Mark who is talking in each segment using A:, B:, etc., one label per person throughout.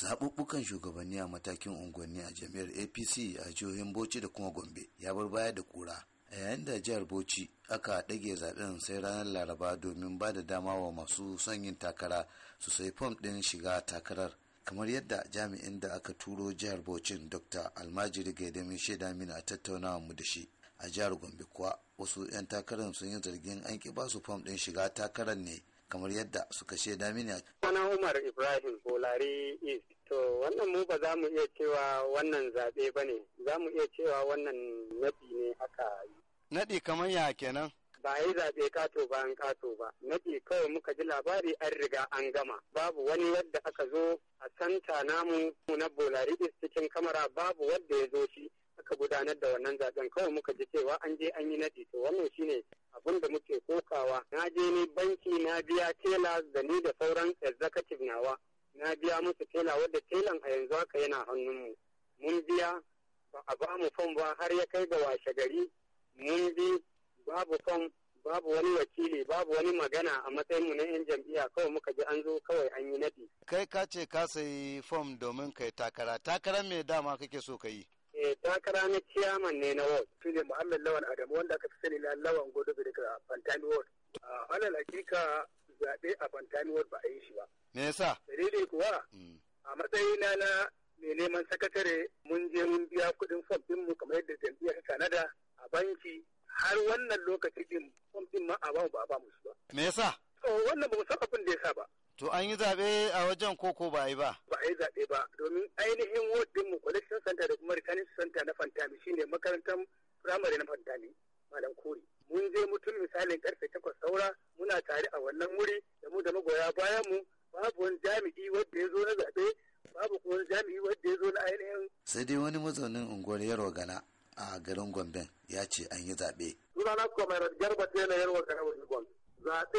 A: zaɓuɓɓukan shugabanni a matakin unguwanni a jami'ar apc a jihohin bauchi da kuma gombe ya bar baya da kura a yayin da jihar bauchi aka ɗage zaɓen sai ranar laraba domin ba da dama wa masu son yin takara su sai fom ɗin shiga takarar kamar yadda jami'in da aka turo jihar bauchin dr almajiri gaidamin shaida mini a tattaunawa mu da shi a jihar gombe kuwa wasu 'yan takarar sun yi zargin an ƙi ba su fom ɗin shiga takarar ne kamar yadda suka shaida damini
B: Sana Umar Ibrahim Bolari East. To wannan mu ba za mu iya cewa wannan zaɓe ba ne, za mu iya cewa wannan naɗi ne aka yi.
A: Naɗi kamar ya kenan?
B: Ba yi zaɓe kato ba an kato ba, naɗi kawai muka ji labari an riga an gama. Babu wani yadda aka zo a santa namu na Bolari East cikin kamara babu wanda ya zo shi. aka gudanar da wannan zaben kawai muka ji cewa an je an yi naɗi to wannan shine abin da muke kokawa na je ni banki na biya tela da ni da sauran executive nawa na biya musu tela wadda telan a yanzu haka yana hannunmu mun biya ba a ba mu fom ba har ya kai ga washe gari mun bi babu fom babu wani wakili babu wani magana a matsayin mu na yan jam'iyya kawai muka ji an zo kawai an yi nadi
A: kai ka ce ka sayi fom domin kai takara takara me dama kake so ka yi
B: Eh, takara na ciyaman ne na ward shi ne muhammad lawan adamu wanda aka fi sani na lawan godo daga fantani ward halal hakika zaɓe a fantani ward ba a yi shi ba me yasa dalilin kuwa mm. a matsayina na mai neman sakatare mun je mun biya kuɗin fom din mu kamar yadda jam'iyyar ta kanada a banki har wannan lokaci din fom din ma a ba mu ba a ba mu su ba me yasa to wannan ba mu san abin da yasa ba
A: to an yi zaɓe a wajen koko ba a yi ba
B: a yi zaɓe ba domin ainihin wadda mu collection center da kuma rikanin center na fantami shine makarantar firamare na fantami malam kori mun je mutum misalin karfe takwas saura muna tare a wannan wuri da mu da magoya bayan mu babu wani jami'i wadda ya zo na zaɓe babu kuma wani jami'i wadda ya zo na ainihin.
A: sai dai wani mazaunin unguwar yarwa gana a garin gombe ya ce an yi zaɓe.
B: sunana kwamar garba yana yarwa gana wani gombe zaɓe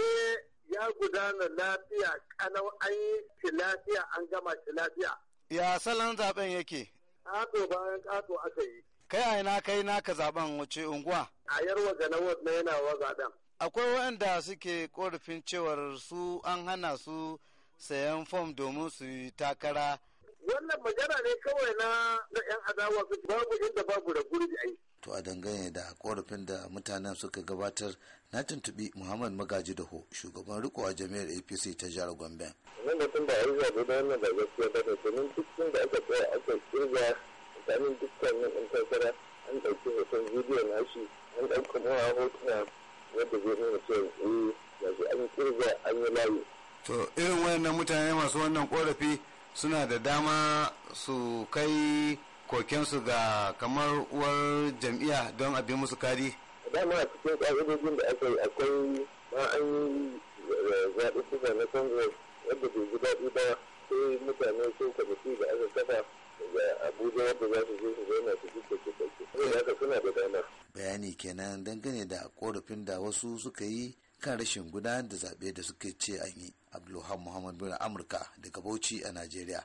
B: ya gudana lafiya kanau an yi shi lafiya an gama shi lafiya.
A: Ya salon zaben yake?
B: Kato bayan kato aka yi.
A: Kai a ina kai naka zaben wace unguwa?
B: A yarwa ga na yana wa zaben.
A: Akwai waɗanda suke korafin cewar su an hana su sayan fom domin su yi takara.
B: Wannan magana ne kawai na 'yan adawa babu inda babu
A: da gurbi aiki. to a dangane da korafin da mutanen suka gabatar na tuntubi muhammad magaji daho shugaban riko a jami'ar apc ta jihar gombe
C: wanda tun da ayyuka da da da gaskiya ba da domin duk da aka tsaya aka kirga tsakanin dukkanin ɗan takara an ɗauki hoton bidiyo na shi an ɗauka mawa hotuna wanda zai nuna cewa eh an kirga an yi layi.
A: to irin wayannan mutane masu wannan korafi suna da dama su kai kokensu ga kamar uwar jam'iyya don abin musu kari
C: dama a cikin ƙa'idojin da aka yi akwai ma an yi eh, zaɓuɓɓuka na congress wadda bai ji daɗi ba sai mutane sun kwamiti da aka kafa da abuja wadda za su je su zauna su ji kake kake haka suna da dama
A: bayani kenan dangane da korafin da wasu suka yi kan rashin gudanar da zaɓe da suke ce an yi abdulhamid muhammad amurka daga bauchi a najeriya